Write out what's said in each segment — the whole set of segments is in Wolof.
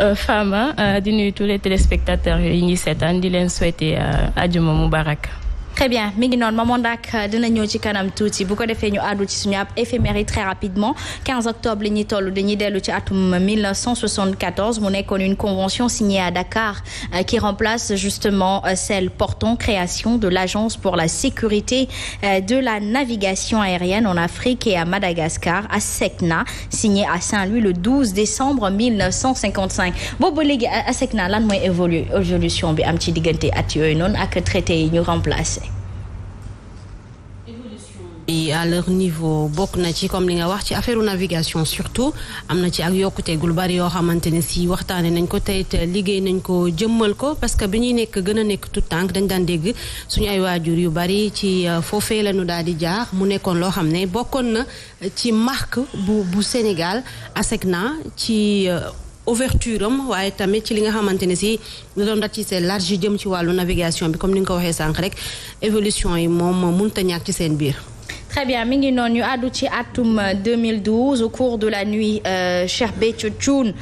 Euh, Fama euh, di nuyu tout les téléspectateurs yooyu ñuy seetaan di leen souhaiter ajuma euh, mubarak très bien mi ngi noonu Maman Ndak euh, dina ñëw ci kanam tuuti bu ko defee ñu àddu ci suñu ab éphéméride très rapidement octobre li ñuy toll dañuy dellu ci atum 1974 mu nekkoon une convention signée à Dakar euh, qui remplace justement euh, celle portant création de l'agence pour la sécurité de la navigation aérienne en Afrique et à Madagascar à ASECNA signée à Saint-Louis le 12 décembre 1955 boobu ba léegi ASECNA lan mooy évolué évolution bi am ci diggante at yooyu noonu ak traité yi ñu remplacé yi à leur niveau bokk na ci comme li nga wax ci affaire navigation surtout am na ci ak lu bari yoo xamante ne si waxtaane nañ ko tey it liggéey nañ ko jëmmal ko parce que bi ñuy nekk gën a nekk tout tànk dañ daan dégg suñu ay waajur yu bari ci euh, foofee lañu daal di jaar mu nekkoon loo xam ne bokkoon na ci mark bu bu Sénégal ASECNA ci euh, ouverture am waaye tamit ci li nga xamante ne si lu doon seen large jëm ci wàllu navigation bi comme ni nga ko waxee sànq rek évolution yi moom mënut a ñàkk ci seen biir. très bien mi ngi noonu ñu àddu ci atum 2012 au cours de la nuit euh, Cheikh Béthio Thioune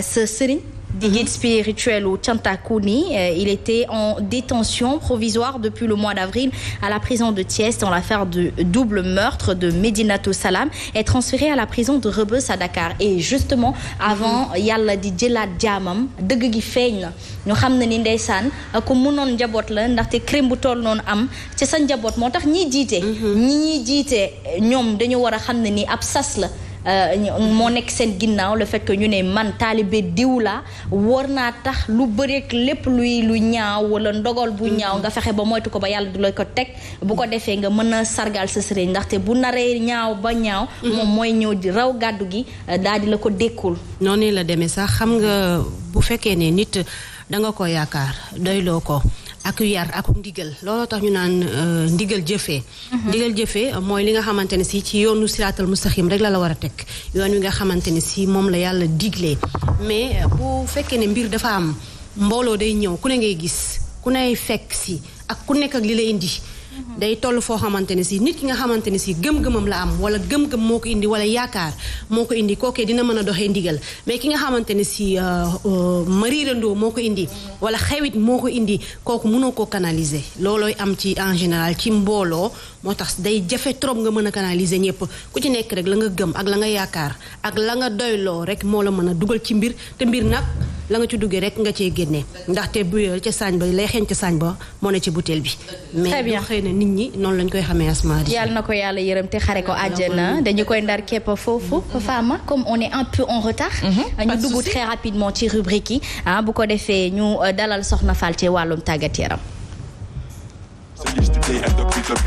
sa euh, sëriñ di guide spirituel u Tiantakuni euh, il était en détention provisoire depuis le mois d'avril à la prison de Thiès dans l'affaire du double meurtre de Medinatou Salam est transféré à la prison de Rebeuss à Dakar et justement avant mhm. yàlla di jëlaat jaamam dëgg gi feeñ na ñu xam ne ni ndeysaan ku mënoon njaboot la ndaxte crime bu toll noonu am ci sa njaboot moo tax ñiy jiite mhm. ñi ñiy jiite ñoom dañu war a xam ne ni ab sas la Euh, moo nekk seen ginnaaw la fait ñu ne man taalibe diw la war naa tax lu bëreek lépp luy lu ñaaw wala ndogal bu ñaaw nga fexe ba moytu ko ba yàlla du la ko teg bu ko defee nga mën a sargal sa sëriñ ndaxte bu naree ñaaw ba ñaaw mhm. moom mooy ñëw di raw gàddu gi euh, daal di la ko dékkul noonu la demee sax xam nga bu fekkee ne nit danga ko yaakaar doyloo ko ak yar ak ndigal looloo tax ñu naan euh, ndigal jëfee mhm. ndigal jëfee mooy li nga xamante ne si ci yoonu siraatal mustaxim rek la la war a teg yoon wi nga xamante ne si moom la yàlla diglee mais euh, bu fekkee ne mbir dafa am mbooloo day ñëw ku ne ngay gis ku ne fekk si ak ku nekk ak li la indi day toll foo xamante ne si nit ki nga xamante ne si gëm-gëmam la am wala gëm-gëm moo ko indi wala yaakaar moo ko indi kookee dina mën a doxee ndigal mais ki nga xamante ne si euh, euh, mariirandoo moo ko indi wala xewit moo ko indi kooku mënoo ko canaliser loolooy am ci en général ci mbooloo moo tax day jafe trop nga mën a canaliser ñëpp ku ci nekk rek la nga gëm ak la nga yaakaar ak la nga doyloo rek moo la mën a dugal ci mbir te mbir nag la nga ci duggee rek nga cee génne ndaxte buyal ca saañ ba lay xeeñ ca saañ ba moo ne ci butéel bi mais boo xëy na nit ñi noonu lañ koy xamee asma yàlla na ko yàlla yërëm te xare ko àjjana dañu koy ndar képp foofu ma comme on est un peu en retard mhm. euh, ñu dugg très rapidement ci rubrique yi ah, bu ko defee ñu euh, dalal soxna Fall ci wàllum tàggat yaram Stay at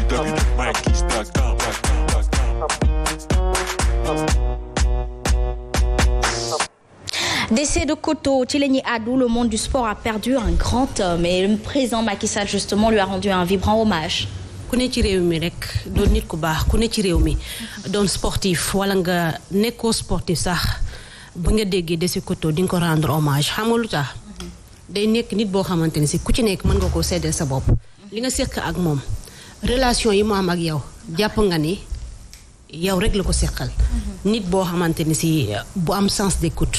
de Koto, ci la ñuy àddu le monde du sport a perdu un grand homme et le président Macky justement lui a rendu un vibrant hommage. ku ne ci réew mi rek doon nit ku baax ku ne ci réew mi doon sportif wala nga nekkoo sportif sax ba nga déggee Décès Koto di nga ko rendre hommage xam nga lu tax day nekk nit boo xamante ni si ku ci nekk mën nga koo seddee sa bopp. li nga séq ak moom relation yi mu am ak yow jàpp nga ni yow rek la ko séqal mhm. nit boo xamante ni si bu am sens d'écoute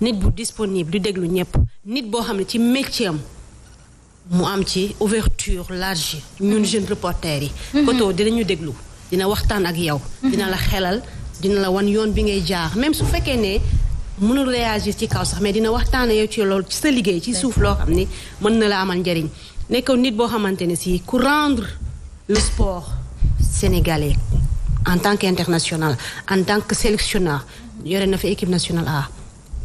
nit bu disponible di déglu ñëpp nit boo xam ne ci métier mu am ci ouverture large ñun mhm. jeune reporter yi koto mhm. dinañu déglu dina waxtaan ak yow dina la xelal dina la wan yoon bi ngay jaar même su fekkee ne mënul réagir ci kaw sax mais dina waxtaan yow ci loolu ci sa liggéey ci suuf loo xam ni mën na la amal njariñ nekkoon nit boo xamante ne si ku rendre le sport sénégalais en tant qu'international en tant que sélectionneur yore na fi équipe nationale A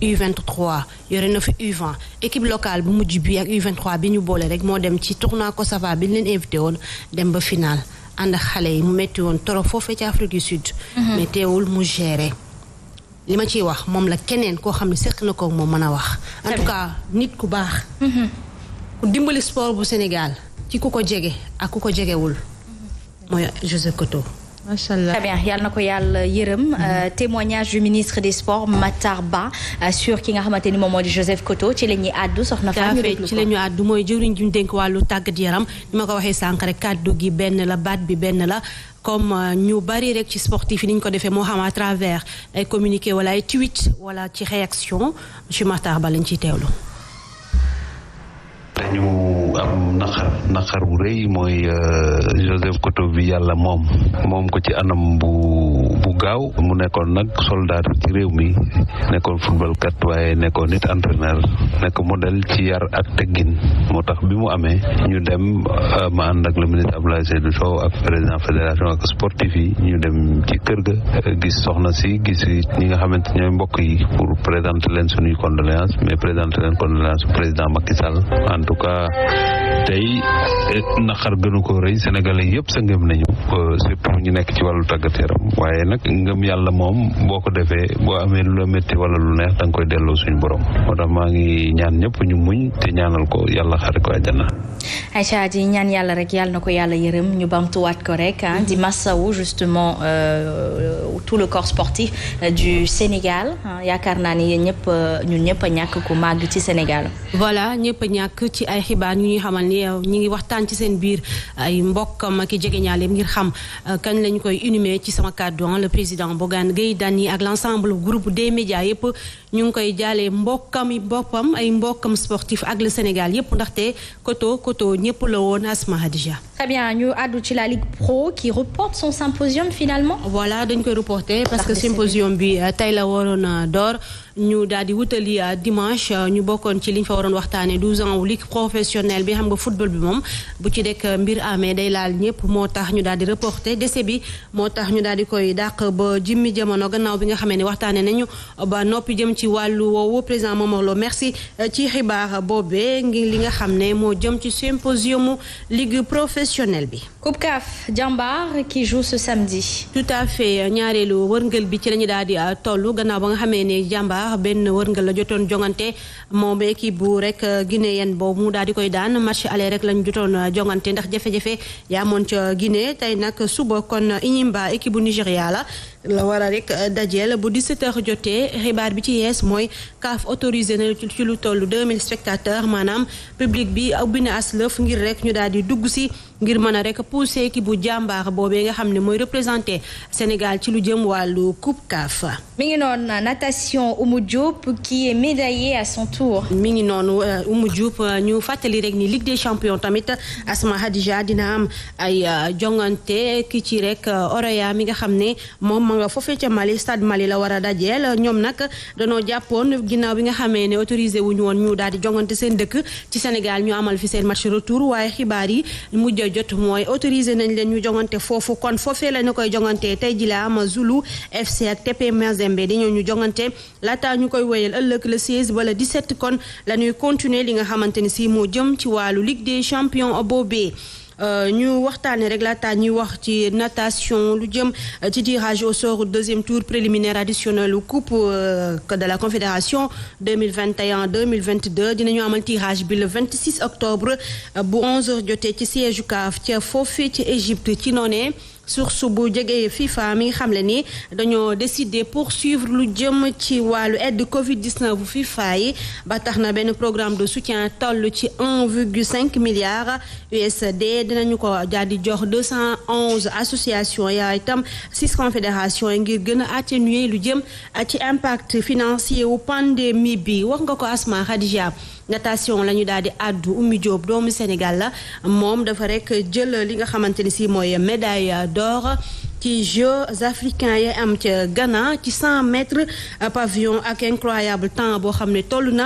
U23 yore na fi U20 équipe locale bu mujj bi ak U23 bi ñu boole rek moo dem ci tournoi Kosova bi ñu leen invité woon dem ba final ànd ak xale yi mu metti woon trop foofee ci Afrique du Sud. Mhm. mais mu géré. li ma ciy wax moom la keneen koo xam ne seq na ko moom mën a wax. en tout cas nit ku baax. Mhm. dimbali sport bu Sénégal ci ku ko jege ak ku ko jegewul mooy Joseph Koto. macha allah très bien yal na ko yàlla yërëm mhm. euh, témoignage du ministre des sports Matar Ba euh, sur ki nga xamante ni moom moo di Joseph Koto ci la ñuy àddu soxna fa ci la ñuy àddu mooy jëwriñ ju dénk wàllu tàggat yaram ni ma ko waxee sànq rek kàddu gi benn la baat bi benn la comme euh, ñu bari rek ci sportif yi ni ñu ko defee moo xam à travers ay communiqué wala ay tweet wala ci réaction monsieur Matar Ba lañ ciy teewlu. te ñu am naqar naqar bu rëy mooy euh, Joseph Koto bi yàlla moom moom ko ci anam bu bu gaaw mu nekkoon nag soldat ci réew mi nekkoon football kat waaye nekkoon nit entraîneur nekk modèle ci yar ak teggin moo tax bi mu amee ñu dem euh, ma ànd ak le ministre Abdoulaye Seydou Sow ak président fédération ak sportif yi ñu dem ci kër ga euh, gis soxna si gis ñi nga xamante ñooy mbokk yi pour présenter leen suñuy condoléances mais présenter leen condoléances président Macky Sall tout cas tey naqar gënu ko rëy sénégalais yëpp sa ngëm nañu surtout ñu nekk ci wàllu tàggat yaram waaye nag ngëm yàlla moom boo ko defee boo amee lu la métti lu neex da nga koy delloo suñu borom moo tax maa ngi ñaan ñëpp ñu muñ te ñaanal ko yàlla xare ko àjjana Aïcha di ñaan yàlla rek yàlla na ko yàlla yërëm ñu bamtuwaat ko rek ah, di massawu justement euh, tout le corps sportif euh, du Sénégal ah, yaakaar naa ni yéen ñëpp euh, ñun a ñàkk ku màgg ci Sénégal voilà ñëpp a ñàkk ci ay xibaar ñi ngi waxtaan ci seen biir ay mbokkam ak i jegeñaaleem ngir xam euh, kañ lañ koy inhumé ci sama kàddu le président Bougane Gueye Dany ak l' ensemble groupe des médias yëpp ñu ngi koy jaalee mbokkam i boppam ay mbokkam sportif ak le Sénégal yëpp ndaxte koto koto ñëpp la woon Asma Hadija. très bien ñu àddu ci la Ligue Pro qui reporte son symposium finalement. voilà dañ koy reporter parce que symposium bi euh, tey la waroon euh, door. ñu daal di wutali euh, dimanche euh, ñu bokkoon ci liñ fa waroon waxtaanee 12 ans wu ligue professionnelle bi xam nga football bi moom bu ci dekk euh, mbir amee day laal ñëpp moo tax ñu daal di reporté décès bi moo tax ñu daal di koy dàq ba jimmi jamono gannaaw bi nga xamee ne waxtaanee nañu ba noppi jëm ci wàllu woowu président Momar Lo merci ci xibaar boobee ngir li nga xam ne moo jëm ci symposium ligue professionnelle bi. Coupe CAF Jambar qui joue ce samedi. tout à fait ñaareelu bi ci lañu daal di toll gannaaw ba nga xamee ne Jambar. sax benn war wërngal la jotoon jongante moom équipe bu rek euh, guinéen boobu mu daal di koy daan marché aller rek lañ jotoon euh, jongante ndax jafe-jafe yaa amoon ca Guinée tey nag suba kon Iñimba équipe bu Nigéria la la war a rek euh, dajeel bu 17h jotee xibaar bi ci yees mooy kaaf autorisé na ci lu toll 2000 spectateurs maanaam public bi ubbi na aslëf ngir rek ñu daal di dugg si ngir mën a rek poussé équipe bu jàmbaar boobee nga xam ne mooy représenté Sénégal ci lu jëm wàllu coupe CAF. mi ngi noonu natation Oumou Diop qui est médaillée à son tour. mi ngi noonu euh, Oumou Diop euh, ñu fàttali rek ni Ligue des champions tamit Asma Hadija dina am ay jongante ki ci rek Oroya mi nga xam ne moom nga euh, foofee ca Mali stade Mali la war a dajeel ñoom nag danoo jàppoon ginnaaw bi nga xamee ne autorisé wuñu woon ñu daal di jongante seen dëkk ci Sénégal ñu amal fi seen match retour waaye xibaar yi mujj a jot mooy autorisé nañ leen ñu jongante foofu kon foofe la koy jongante tey ji la am Zulu FC ak TP Mazembe di ñëw ñu jongante laata ñu koy wéyal ëllëg le 16 wala 17 kon la ñuy continuer li nga xamante ni si moo jëm ci wàllu Ligue des champions boobee Euh, ñu waxtaanee rek laataa ñuy wax ci natation lu jëm euh, ci tirage au sort deuxième tour préliminaire additionnel coupe euh, de la confédération 2021 2022 dinañu amal tirage bi le 26 octobre bu 11h jotee ci siège CAF ca foofee ci Égypte ci noonee. source bu jege FIFA mi ngi xamle ni dañoo pour poursuivre lu jëm ci wàllu aide Covid 19 bu FIFA yi ba tax na benn programme de soutien toll ci 1,5 milliard USD dinañu ko daal di jox 211 associations yaa itam six confédérations yi ngir gën a atténuer lu jëm ci impact financier wu pandémie bi wax nga ko Asma Khadija natation la ñu daal di àddu Oumy Diop doomu Sénégal la moom dafa rek jël li nga xamante ni si mooy médaille. d'or ci Jeux africains yi am ca Ghana ci 100 mètres pavillon ak incroyable temps boo xam ne toll na